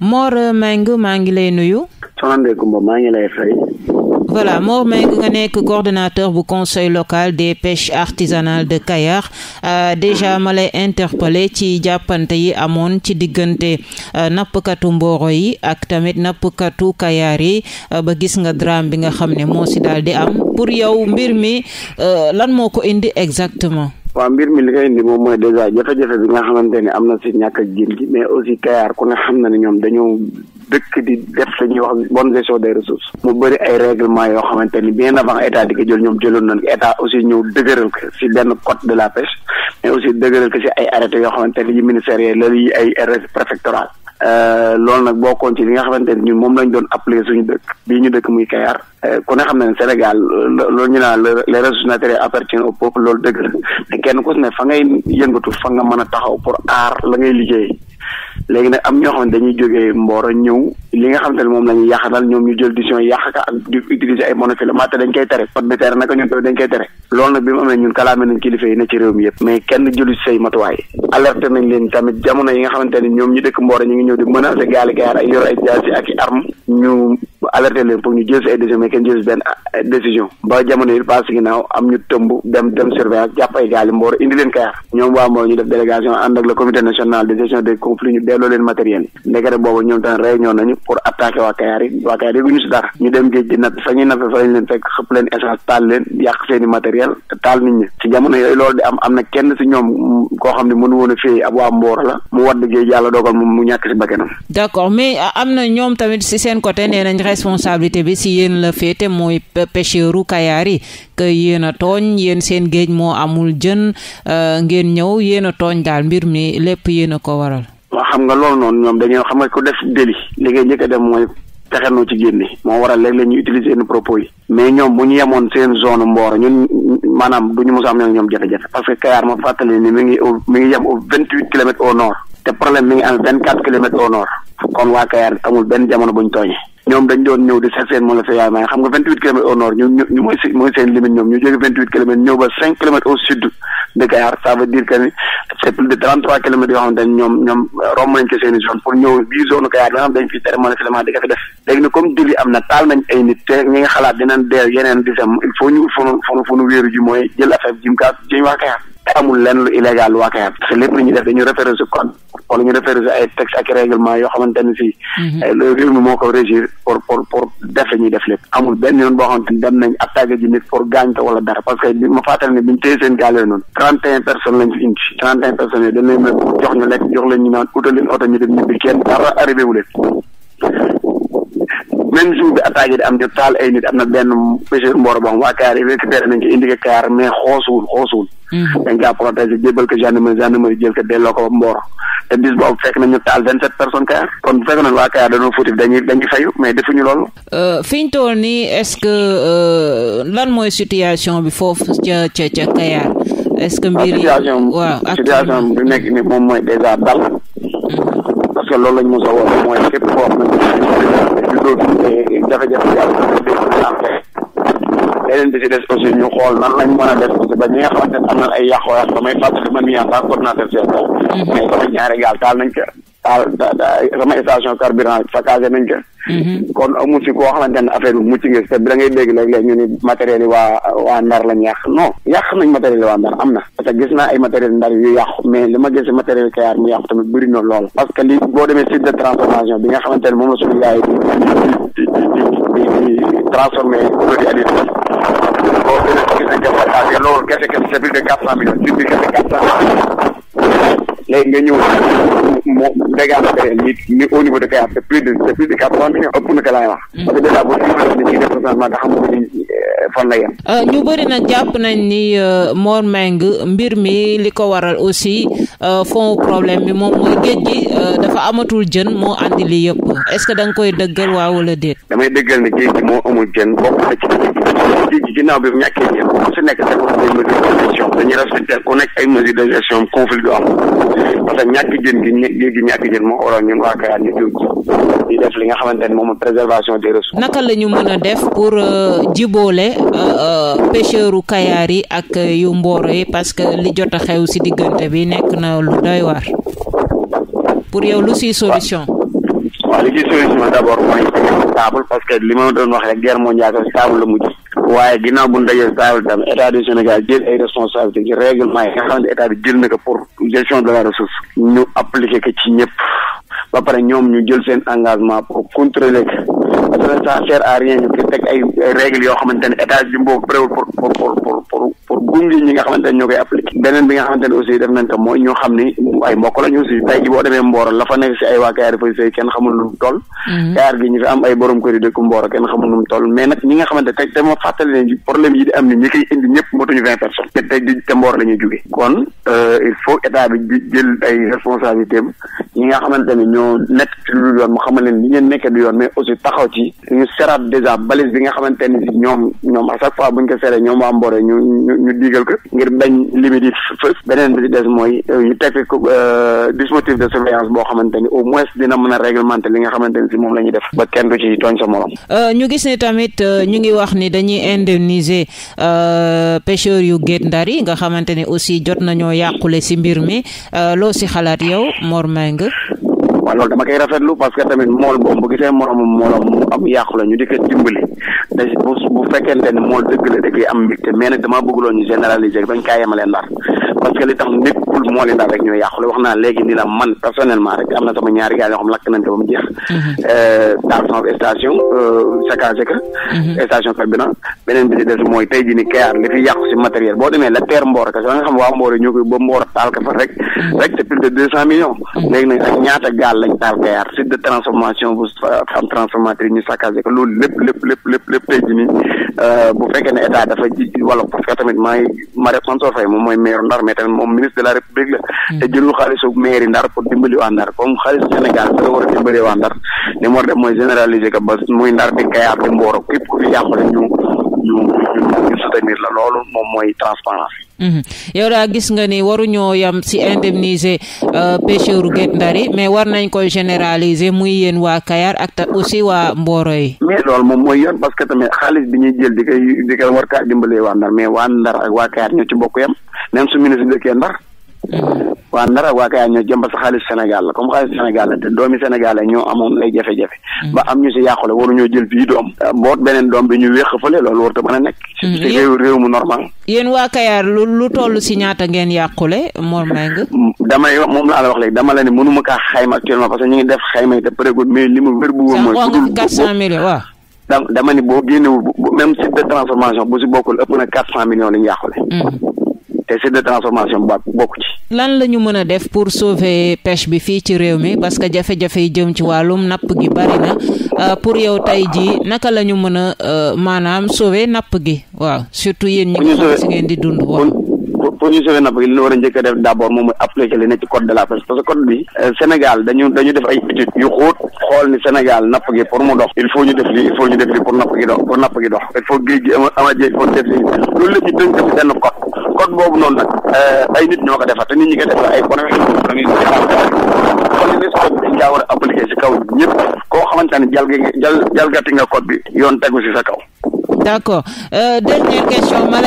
Mor Mbengue maa ngi lay nuyu. voilà Mor Mbengue nga nekk coordonnateur bu conseil local des pêches artisanales de Kayar euh, déjà ma lay interpellé ci jàppante yi amoon ci diggante euh, nappkatu mbooro yi ak tamit nappkatu Kayar yi euh, ba gis nga drame bi nga xam ne moo si daal di am pour yow mbir mi lan moo ko indi exactement. waaw mbir mi li koy indi moom mooy dèjà jafe-jafe bi nga xamante ne am na si ñàkk ak génn gi mais aussi Kayar ku ne xam na ne ñoom dañoo dëkk di def la ñuy wax bon gestion des ressources. mu bëri ay règlement yoo xamante ni bien avant état di ko jël ñoom jëloon nañ ko état aussi ñëw dëgëral ko si benn code de la pêche mais aussi dëgëral ko si ay arrêté yoo xamante ni yi ministériels la yi ay arrêté préfectoral Euh, loolu nag bokkoon ci li nga xamante ne ñun moom lañ doon appelé suñu dëkk bii ñu dëkk muy Kayar euh, ku ne xam ne Sénégal euh, loolu ñu naan le ressources naturelles appartiennent au peuple loolu dëgg kenn ku ne fa ngay yëngatu fa nga mën a taxaw pour aar la ngay liggéey léegi nag am ñoo xam ne dañuy jógee Mboro ñëw li nga xam te ne moom la ñuy yàqatal ñoom ñu jël décision yàq ka ak di ay monofilament dañ koy tere ot bi tere naka ñun tamit dañ koy tere loolu nag bi mu amee ñun kalaame nañ kilifa yi ne ci réew mi yëpp mais kenn jëlu say matuwaay alerté nañ leen tamit jamono yi nga xamante ne ñoom ñu dëkk Mboro ñu ngi ñëw di menacer gaali gaar ay yor ay jaasi ak i arme ñu alerter leen pour ñu jël si ay décision mais kenn jël si benn ah, décision ba jamono yi paase ginnaaw am ñu tëmb dem dem surveillance jàpp gaali mboor indi leen Kayar ñoom waa mboor ñu def délégation ànd ak le comité national de gestion des conflits ñu delloo leen matériel yi ndekete boobu ñoom tamit réunion nañu pour attaquer waa Kayar yi waa Kayar yi ñu si dara ñu dem géej gi natt fa ñuy si jamono yooyu loolu di am na ñoom koo xam ne mënu woon a fii responsabilité bi si yéen la féete mooy pêcheuru Kayar yi que yéen a tooñ yéen seen géej moo amul jën euh, ngeen ñëw yéen a tooñ daal mbir mi lépp yéen a ko waral. waaw xam nga loolu noonu ñoom dañoo xam nga ko def déli li ngay njëkk a mooy pexe noo ci génne moo waral léeg la ñu utiliser yenn propos yi. mais ñoom bu ñu yemoon seen zone Mboro ñun maanaam du ñu mos a am ñoom jafe-jafe parce que Kayar ma fàttali ni mi ngi au mi ngi yem au vingt huit benn jamono bu ñu tooñee ñoom dañ doon ñëw di safeen moom la fa yaay maay xam nga vingt huit kilomètres au nord ñu ñu mooy mooy seen limite ñoom ñu jóge vingt huit kilomètres ñëw ba cinq kilomètres au sud de Kayar ça veut dire que ni c'est plus de trente trois kilomètres yoo xam ne ñoom ñoom romb nañ ko seen i zone pour ñëw bii zone Kayar bi nga xam dañ fiy tere monofilament fi def léegi nag comme dili am na taal nañ ay nit te ñi nga xalaat dinañ dee yeneen di sem il faut ñu fonu fonu fonu wala ñu référé ay texte ak règlement yoo xamante ne si. Mhm. réew mi moo ko régir pour pour pour def la ñuy def lépp amul benn yoon boo xamante ni dem nañ attaqué ji nit pour gaañ ko wala dara parce que bi ma fàttali ne bi téye seen gaal yooyu noonu trente un personnes lañ fi indi trente un personnes dañ leen kenn dara arrivé wu bi attaque di am ñu taal ay nit am na benn monsieur Mboro ba xam waa Kaar yi récupéré nañ ko indi ko mais xoosuwul mhm. te bis boobu fekk na ñu taal vingt sept personnes Kayar kon bu fekk na waa Kayar dañoo fautif dañuy dañuy fayu mais defuñu euh, fi ñu toll nii est-ce que euh, lan mooy situation bi foofu ca ca ca Kayar est-ce que mbir yi waaw situation bi nekk ni moom mooy déjà bal hmm. parce que loolu lañ mos a woon mooy képp koo xam ne dañu jafe-jafe beneen bi ci des aussi ñu xool nan lañ mën a def aussi ba ñi nga xamante ne am nañ ay yàqu-yàqu ko mhm. taal sama station carburant saccagé nañ ko. Mhm. kon amul si koo xamante ne affaire bi mucc nga si bi da ngay dégg léeg-léeg ñu ni matériel yi waa waa ndar lañ yàq non yàq nañ matériel yi waa ndar am na parce que gis naa ay matériel ndar yu yàqu mais li ma gis si matériel Kayar mu yàqu tamit bëri na lool parce li boo demee site de transformation bi nga xamante ne moom la suñu yaay di di di di loolu gerte kese c'est plus de quatre nga ñëw mu dégager de Kayar c'est plus de c'est plus de quatre cent millions na mm. ni ci déplacement da xam ñu bëri nag jàpp nañ ni euh, Mor Mbengue mbir mi li ko waral aussi euh, fond problème bi moom mooy géej gi euh, dafa amatul jën moo andi lii yëpp est-ce que da koy dëggal waaw wala déet. damay dëggal ne moo amul jën ji gi ginnaaw bi mu ay mesures de gestion dañuy respecté ku nekk ay mesures de def li nga xamante ne moom préservation des ressources. naka la ñu mën a def pour euh, jiboole euh, euh, pêcheuru Kayar yi ak yu Mboro yi parce que li jot a xew si diggante bi nekk na lu doy waar pour yow lu siy solution. waaw li siy solution d'abord mooy. sable parce que li ma doon wax rek guerre mondiale sable la mujj waaye ginnaaw bu ñu dajee sable tam état du Sénégal jël ay responsabilité ci règlement yi nga xamante état bi jël na ko pour gestion de la ressource ñu appliqué ko ci ñëpp ba pare ñoom ñu jël seen engagement pour contrôler ko parce que ça sert à rien ñu teg ay règles yoo xamante ne état bi mboo préwul pour pour pour pour pour gunge ñi nga xamante ñoo koy appliqué beneen bi nga xamante aussi def nañ ko mooy ñoo xam ni ay mbokk lañu aussi tey boo demee Mboro la fa ay waa Kayar fay sëy kenn xamul nu toll mhm. Kayar gi ñu fi am ay borom kër yi dëkk kenn xamul nu toll mais nag ñi nga xamante te ma fàttali leen problème yi di am ni ñi koy indi ñëpp motuñu vingt personnes te ñi nga xamante ne ñoo nekk ci lu dul yoon mu xamal leen li ngeen nekkee yoon mais aussi taxaw ci ñu seraat dèjà xamante ne ñoom ñoom à chaque fois buñ ko seree ñoom waa Mboro ñu ñu ñu diigal ko ngir dañ limite yi fës beneen bi ci des mooy euh, ñu teg euh, dispositif de surveillance boo xamante ni au moins dina mën a réglementer li nga xamante ne si moom la ñuy def ba kenn du ci tooñ sa morom. Euh, ñu gis ne tamit ñu ngi wax ni dañuy indemniser pêcheurs yu Guet Ndar yi nga xamante ne aussi jot nañoo yàqule si mbir mi loo si xalaat yow Mor waaw loolu dama koy rafetlu parce que tamit mool moom bu gisee moromam moolam mu am yàqu la ñu di ko dimbali da bu bu fekkente ne mool dëgg la da koy am mbégte mais nag dama ñu loo ñu jeg bañ kaa yemalee ndar parce que li tax nit nekkul moo leen daal rek ñooy yàqule wax naa léegi ni la man personnellement rek am na sama ñaari gaal nañ te ba mu jeex mhm. euh, daal sama station euh, seka seka mhm. station carburant beneen bi ci des mooy tey ji ni kayaar li fi yàqu si matériel boo demee la teer mboor ka sa nga xam waa mboor ñoo koy ba mboor taal ka fa rek mhm. rek c'est plus de deux cent millions léegi nag ak ñaata gaal lañ taal kayaar site de transformation bu femme transformatrice ñu saccagé loolu lépp lépp lépp tey ji nii euh, bu fekkee ne état dafa ji parce que république la mm. te jëlul xaalisu mairie ndar pour dimbali waa ndar comme xaalisu Sénégal sa la a dimbali waa ndar mooy généraliser que ba muy ndar bi Kayaar bi Mboro képp ku fi jàppale ñu ñu la loolu moom mooy transparence mm-hmm. yow daa gis nga ni waruñoo yam si indemniser euh, pêcheurs Guet Ndar yi mais war nañ koy généraliser muy yéen waa Kayar ak ta aussi waa Mboro yi. mais lool moom mooy yoon parce que tamit xaalis bi ñuy jël di koy di koy war kaa dimbalee mais waa Ndar ak waa Kayar ñoo ci bokk yam même su waa ndara waa Kayaar ñoo jëmbat sa xaalis Sénégal la comme xaalis Sénégal la te doomi Sénégal la ñoo amoon ay jafe-jafe mm. ba am ñu si yàqule waruñoo jël bii doom euh, boot beneen doom bi ñu wéq fële loolu warut a mën a nekk mm. te réew réew mu normal yéen waa Kayaar lu lu si ñaata ngeen yàqule Mor Mbengue mm, damay moom laa la wax léegi dama la ne mënuma kaa xayma actuellement parce que ñu ngi def xayma yi te prégode mais li mu wér bu wóor mooy quatre cent millions waaw dama ni boo la ñu yàqule te c'est de transformation ba bokk ci. lan la ñu mën a def pour sauver pêche bi fii ci réew mi parce que jafe-jafe yi jëm ci wàllum napp gi bari euh, pour yow tey jii naka la ñu mën a uh, maanaam sauver napp gi waaw surtout yéen ñi nga xam si ngeen di dund waaw. pour ñu sauver napp gi li ñu war a njëkk a def d' abord moom mooy appliquer li ne ci code de la pêche parce que code bi euh, Sénégal dañu def ay études yu xóot xool ni Sénégal napp gi pour mu dox il faut ñu def lii il faut ñu def lii pour napp gi dox pour napp gi dox code boobu noonu nag eh, ay nit ñoo ko defar te nit ñi ko defar ay borom code bi daa koo xamante ne jal jal yoon tegu ci sa accord euh, dernière question ma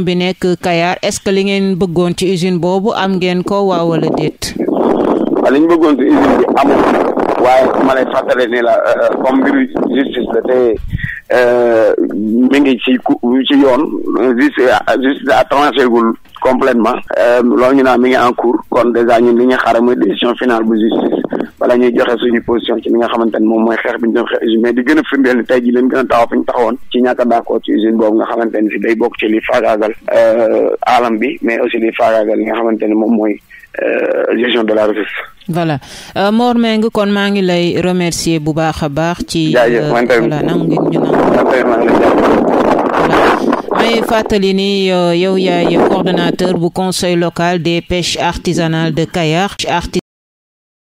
bi nekk Kayar est ce que li ngeen bëggoon ci usine boobu am ngeen ko waaw wala euh, euh, comme mbiru justice la te Euh, mi ngi ci ci yoon juste a à tranché gul complètement euh, loolu ñu naan mi ngi en cours kon dèjà ñun li ñu xaaral mooy décision finale bu justice wala ñuy joxe suñu position ci li nga xamante ni moom mooy xeex bi mais di gën a ni tey ji leen gën a taxaw fi ñu taxawoon ci ñàkk a d'accord ci usine boobu nga xamante ni si day bokk ci li faagaagal euh, alam bi mais aussi li faagaagal li nga xamante ni moom mooy gestion de la ressource voilà euh, Mor Mbengue kon maa ngi lay remercier bu baax a baax. ci euh, voilà nangu ngi ñu may fàttali ni euh, yow yaay coordonnateur bu conseil local des pêches artisanales de Kayar.